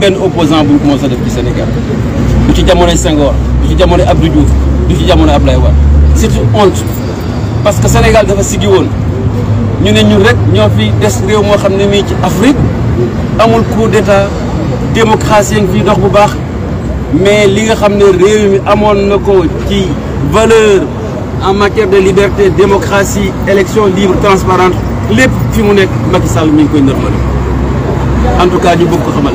benn opposant pour ñu commencé def Sénégal du ci jamonoy Senghor du ci jamonoy Abdou Diouf du ci jamonoy Ablaye C'est une honte parce que Sénégal dafa siggi woon ñu ne ñun rek ñoo fi des réew moo xam ne mii ci Afrique amul coup d'état démocratie yi ngi fiy dox bu baax mais li nga xam ne réew mi amoon na ko ci valeur en matière de liberté démocratie élection libre transparente lépp fi mu nekk Macky Sall mi ngi koy normal en tout cas ñu bëgg ko xamal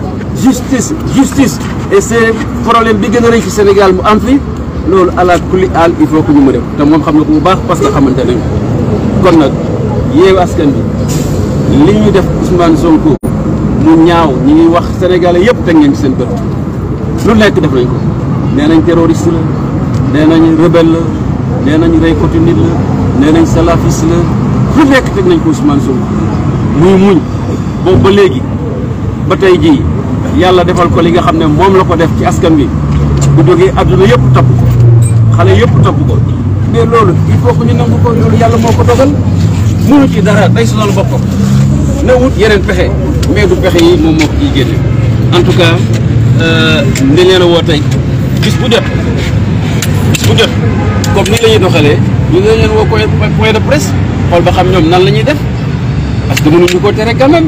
justice justice et c'est problème bi gën a rëy ci Sénégal mu am fi ala kulli al il faut que ñu mu def te moom xam na ko bu baax parce que xamante nañ kon nag yeewu askan bi li ñu def Ousmane Sonko mu ñaaw ñi ngi wax Sénégalais y a ngeen ci seen bët lu nekk def nañ ko nee nañ terroriste la nee rebelle la nee nañ rey côté la nee salafiste la lu nekk teg nañ ko Ousmane Sonko muy muñ boobu ba léegi ba tey jii yàlla defal ko li nga xam ne moom la ko def ci askan wi bu jógee adduna yëpp topp ko xale yëpp topp ko mais loolu il faut que ñu nangu ko loolu yàlla moo ko dogal mënu ci dara day sonal boppam na wut yeneen pexe mais du pexe yi moom moo ko ciy génne en tout cas ni euh, leen woo tey bis bu jot bis bu jot comme ni la ñuy doxalee ñu ne leen woo point de presse xool ba xam ñoom nan la ñuy def parce que mënuñu ko tere quand même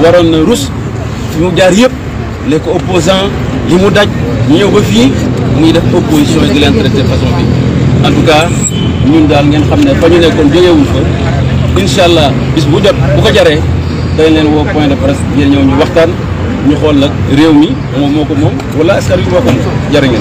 waroon na rus fi mu jaar yëpp les ko opposants mu daj ñëw ba fii muy def opposition yi di leen traité façon bi en tout cas ñun daal ngeen xam ne fa ñu nekkoon jógewuñ fa incha allah bis bu jot bu ko jaree dañ leen woo point de presse ngeen ñëw ñu waxtaan ñu xool nag réew mi moom moo ko moom wala askan wi moo ko moom ngeen